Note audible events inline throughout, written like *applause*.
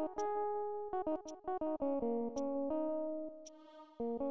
Thank you.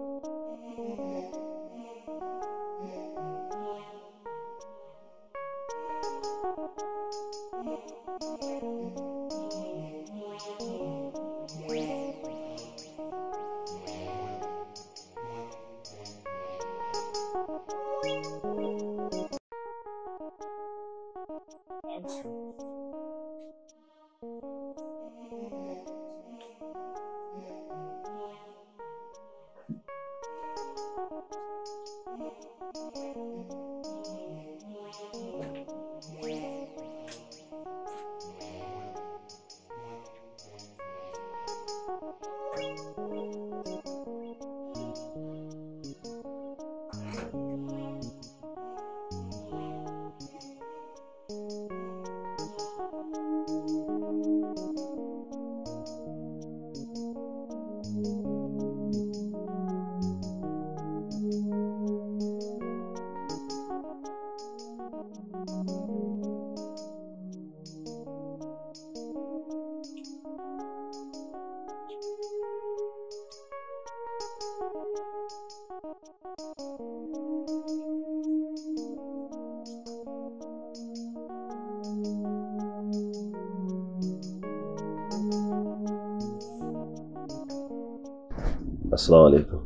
Assalamu alaikum.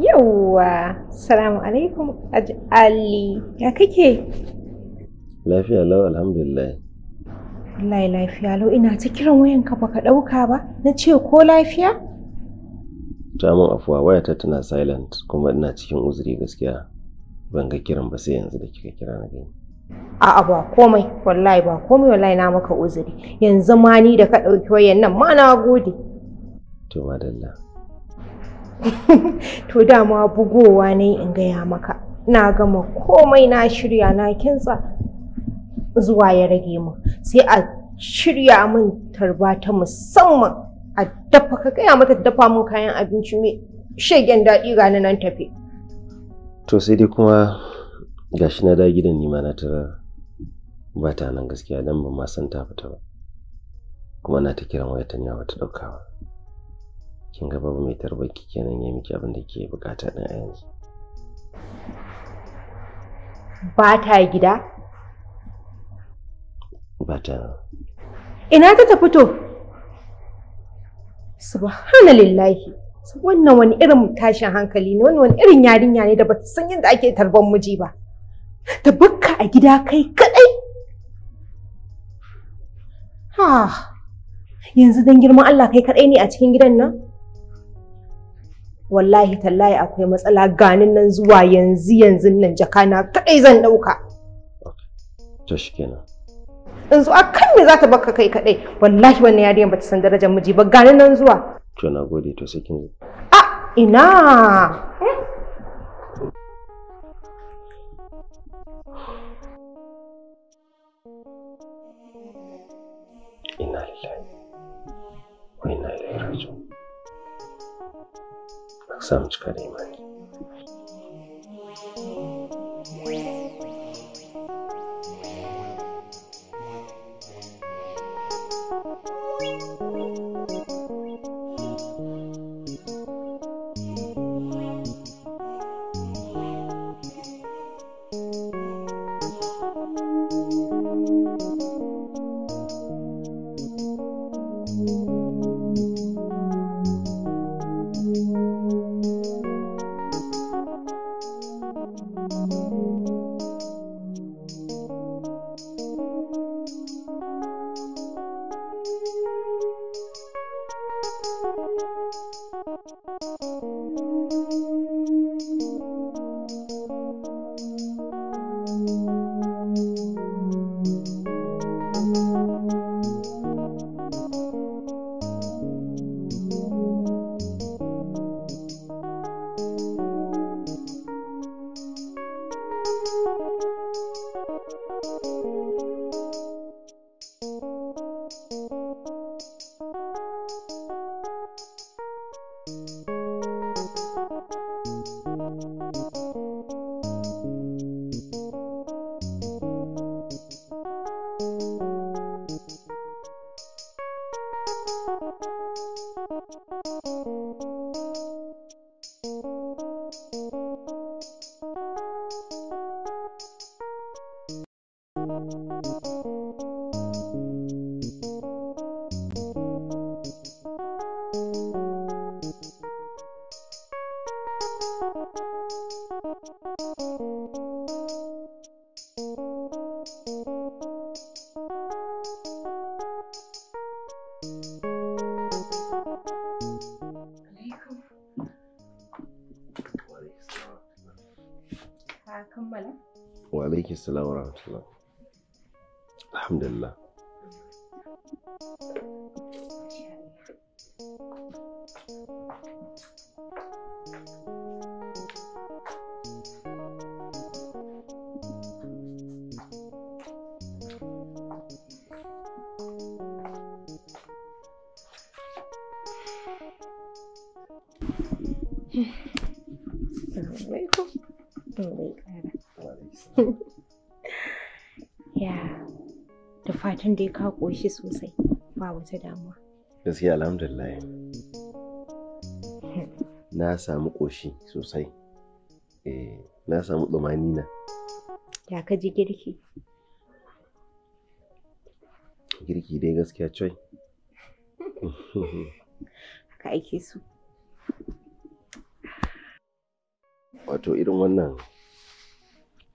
Yawwa, salamu alaikum Ali, ya kake? Lafiya lau alhamdulillah. Wallahi lafiya lau ina ta kiran wayanka baka ɗauka ba, na ce ko lafiya? Ta تمام afuwa wayata tana سايلنت kuma ina cikin uzuri gaskiya ban ga kiran ba sai yanzu da kika kira na gani. A'a ba komai, wallahi ba komai wallahi na maka uzuri. Yanzu ma ni da ka ɗauki wayan nan ma na gode. To madalla. *laughs* to dama bugowa ne in gaya maka na gama komai na shirya na kintsa zuwa ya rage mu sai a shirya min tarba ta musamman a dafa ka gaya mata dafa min kayan abinci mai shegen daɗi ga nan tafe to sai dai kuma gashi na da gidan nima na tara ba ta nan gaskiya don ba ma san ta fita ba kuma na ta kira wayar ta ba ta ɗaukawa kin gaba babu mai tarbarki kenan ya miki abin da ke bukata din a yanzu ba ta gida ba ta ina ta tafi to subhanallahi wannan wani irin tashin hankali ne wannan wani irin yarinya ne da ba san yadda ake tarban miji ba ta bukka a gida kai kadai ha yanzu dan girman Allah kai kadai ne a cikin gidan nan wallahi tallahi akwai matsala ganin nan zuwa yanzu yanzu nan jaka na kadai zan dauka to shikenan in zuwa kan me za ta baka kai kadai wallahi wannan yarinyar bata san darajar miji ba ganin nan zuwa to na gode to sai kin a ina ina lillahi wa inna ilaihi समझ कर ही बन وعليكم السلام ورحمة الله الحمد لله السلام عليكم السلام عليكم *laughs* ya da fatan dai ka ƙoshi sosai ba wata damuwa gaskiya alhamdulillah na samu ƙoshi sosai eh, na samu ɗumanina ya ka ji girki girki dai gaskiya coy *laughs* Ka aike su. wato irin wannan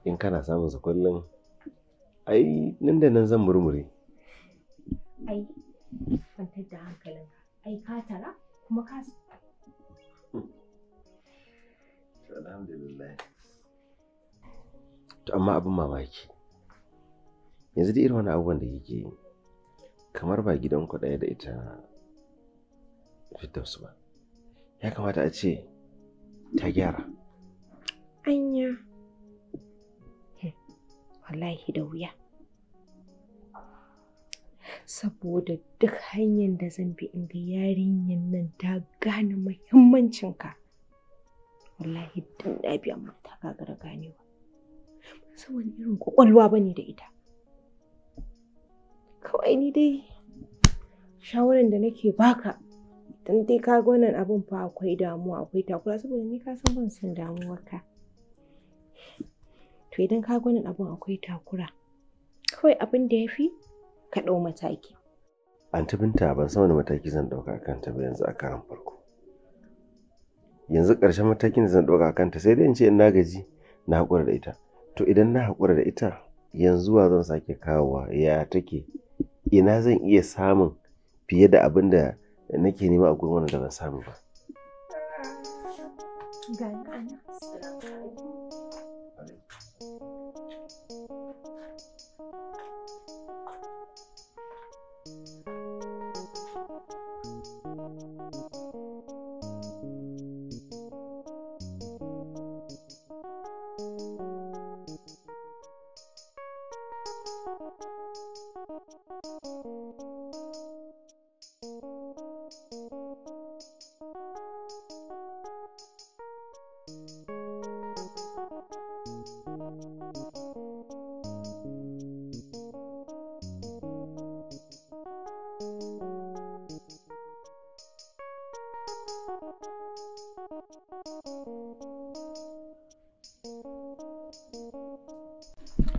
in kana samun su kullum ai nan da nan zan murmure ai kwantar da hankalin ai ka tara kuma ka alhamdulillah to amma abin mamaki yanzu da irin wani abubuwan da kike yi kamar ba gidan ku ɗaya da ita fitar su ba ya kamata a ce ta gyara anya wallahi da wuya saboda duk hanyar da zan bi in ga yarinyar nan ta gane ka wallahi dan na biya amma ta gagara ganewa ba wani irin kwakwalwa bane da ita kawai ni dai shawaran da nake baka dan dai ka wannan abin fa akwai damuwa akwai takura saboda ni ka san ban san ka. to idan ka gwani abin akwai takura kawai abin da ya fi ka ɗau mataki anti binta ban san wani mataki zan ɗauka a kanta ba yanzu a karan farko yanzu ƙarshen matakin da zan ɗauka a kanta sai dai in ce in na gaji na haƙura da ita to idan na haƙura da ita yanzu wa zan sake kawowa ya take ina zan iya samun fiye da abin da nake nema a gurin da ban samu ba.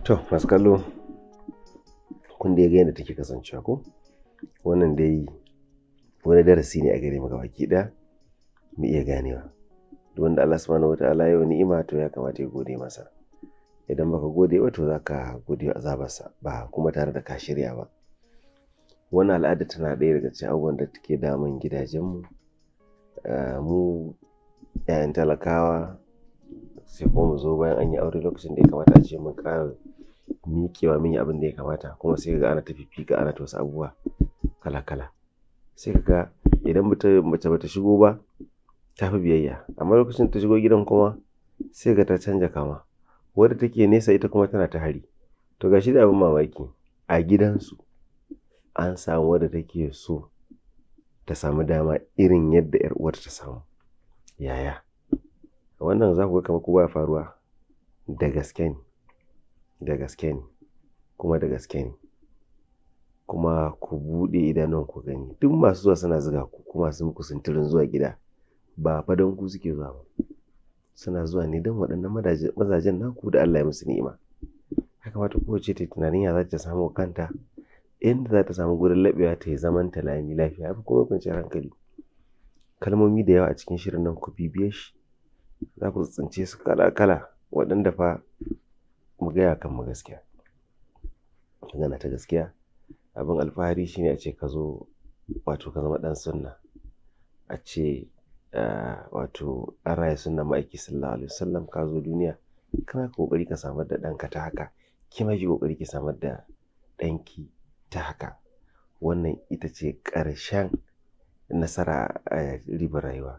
to masu kallo kun dai ga yadda take kasancewa ko wannan dai wani darasi ne a gare mu gabaki ɗaya mu iya ganewa duk wanda Allah subhanahu wataala ya ni'ima to ya kamata ya gode masa idan baka gode ba to ka gode zabarsa ba kuma tare da ka shirya ba wannan al'ada tana ɗaya daga cikin abubuwan da take damun gidajenmu mu 'ya'yan eh, talakawa sai kuma mu zo bayan an yi aure lokacin da ya kamata a ce mun ƙara mikewa mini abin da ya kamata kuma sai ga ana ta fifika ana ta wasu abubuwa kala-kala sai ka ga idan mace bata shigo ba ta fi biyayya amma lokacin ta shigo gidan kuma sai ga ta canja kama wadda take nesa ita kuma tana ta hari to gashi da abin mamaki a gidansu an samu wadda take so ta samu dama irin yadda yar uwarta ta samu yaya wannan za ku ga kamar ko baya faruwa da gaske ne da gaske ne kuma da gaske ne kuma ku buɗe idanun ku gani duk masu zuwa suna zuga ku kuma sun ku sintirin zuwa gida ba fa don ku suke zuwa ba suna zuwa ne don waɗannan mazajen naku da Allah ya musu ni'ima ya kamata kowace ta tunanin ya za ta samu kanta inda za ta samu gurin laɓewa ta yi zaman ta lami lafiya haka kuma kwanciyar hankali kalmomi da yawa a cikin shirin nan ku bibiye shi za ku tsince su kala kala waɗanda fa mu gaya kan mu gaskiya magana ta gaskiya abin alfahari shine a ce ka zo wato ka zama dan sunna a ce ah, wato an raya sunna ma'aiki sallallahu alaihi wasallam ka zo duniya kana kokari ka samar da ɗanka ta haka ki ma ki kokari ki samar da ɗanki ta haka wannan ita ce ƙarshen nasara a ribar rayuwa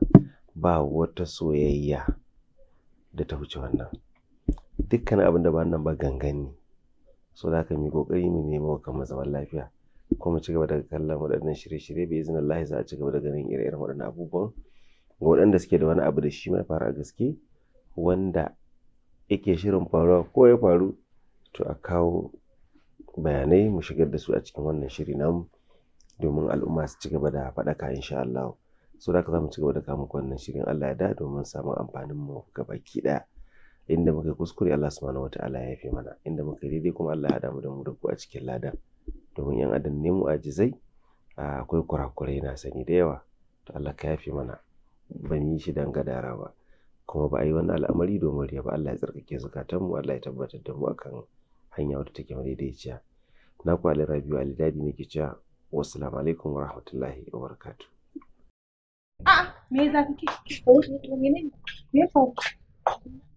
ba wata soyayya da ta wuce wannan dukkan abin da ba nan ba gangan ne so da haka mu kokari mu nemo kanmu zaman lafiya kuma mu ci gaba da kallon waɗannan shirye-shirye bai izinin Allah za a ci gaba da ganin ire-iren waɗannan abubuwan ga waɗanda suke da wani abu da shi mai fara gaske wanda yake shirin faruwa ko ya faru to a kawo bayanai mu shigar da su a cikin wannan shiri namu domin al'umma su cigaba da faɗaka insha Allah so da haka za mu ci da kawo muku wannan shirin Allah ya da domin samun amfanin mu ga baki ɗaya inda muka kuskure Allah subhanahu ta'ala ya yafe mana inda muka daidai kuma Allah ya damu da mu da ku a cikin lada domin yan adam ne mu ajizai akwai kurakurai na sani da yawa to Allah ka yafe mana ban yi shi dan gadara ba kuma ba a yi wani al'amari domin riya ba Allah ya tsarkake zukatan mu Allah ya tabbatar da mu akan hanya wadda take ciya na ku Ali Rabiu Ali Dadi ke cewa wassalamu alaikum wa rahmatullahi wa barakatuh a'a me za ka ke me ya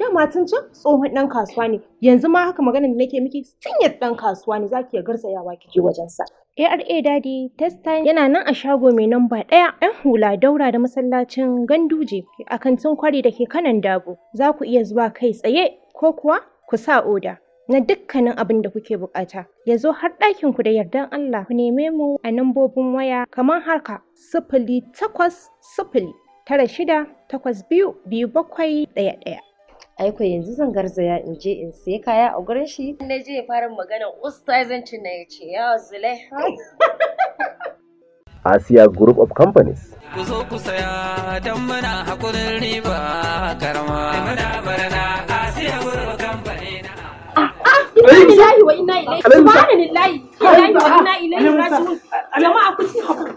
dama tun can tsohon ɗan kasuwa ne yanzu ma haka magana da nake miki sinyar ɗan kasuwa ne zaki ya garsayawa kike wajen sa ARA Daddy test time yana nan a shago mai namba ɗaya ‘yan hula daura da masallacin ganduje a kantin kwari da ke kanan dabo za ku iya zuwa kai tsaye ko kuwa ku sa oda na dukkanin abin da kuke bukata ya zo har ɗakin ku da yardan Allah ku neme mu a nambobin waya kamar haka sifili takwas sifili tara shida takwas biyu biyu bakwai ɗaya ɗaya aiko yanzu zan garzaya in je in sai kaya a gurin shi na je fara magana Ustazanci na ya ce ya zule *laughs* Asia Group of Companies ku zo ku saya don muna hakurin riba karama muna barna Asia Group of Companies wa inna ilaihi subhanallahi wa ina jama'a ku ci hakuri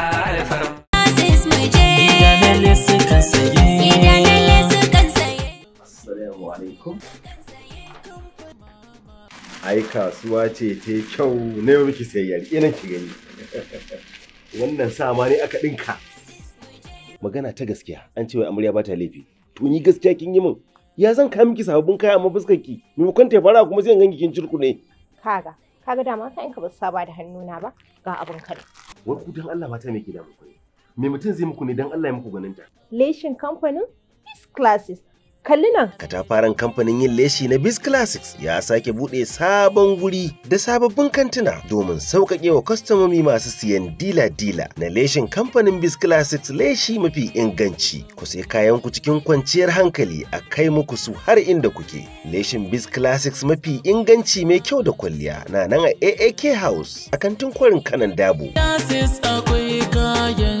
ai kasuwa ce ta kyau ne miki sayayyar ina ki gani *laughs* wannan sama ne aka dinka magana ta gaskiya an ce wai amarya ba ta laifi to ni gaskiya kin yi min ya zan kai miki sababbin kaya amma fuskar ki maimakon ta fara kuma sai ganki kin cirkune kaga kaga dama ka in ka ba saba da hannuna ba ga abin kare wai ku dan Allah mata me ke da muku me mutum zai muku ne don Allah ya muku ganin ta leshin kamfanin bis classics kalli nan katafaren kamfanin yin leshi na bis classics ya sake bude sabon guri da sababbin kantuna domin sauƙaƙe wa kwastomomi masu siyan dila-dila na leshin kamfanin bis classics leshi mafi inganci ku sai kayan ku cikin kwanciyar hankali a kai muku su har inda kuke leshin bis classics mafi inganci mai kyau da kwalliya na nan a aak house a kantin kwarin kanan dabo akwai kayan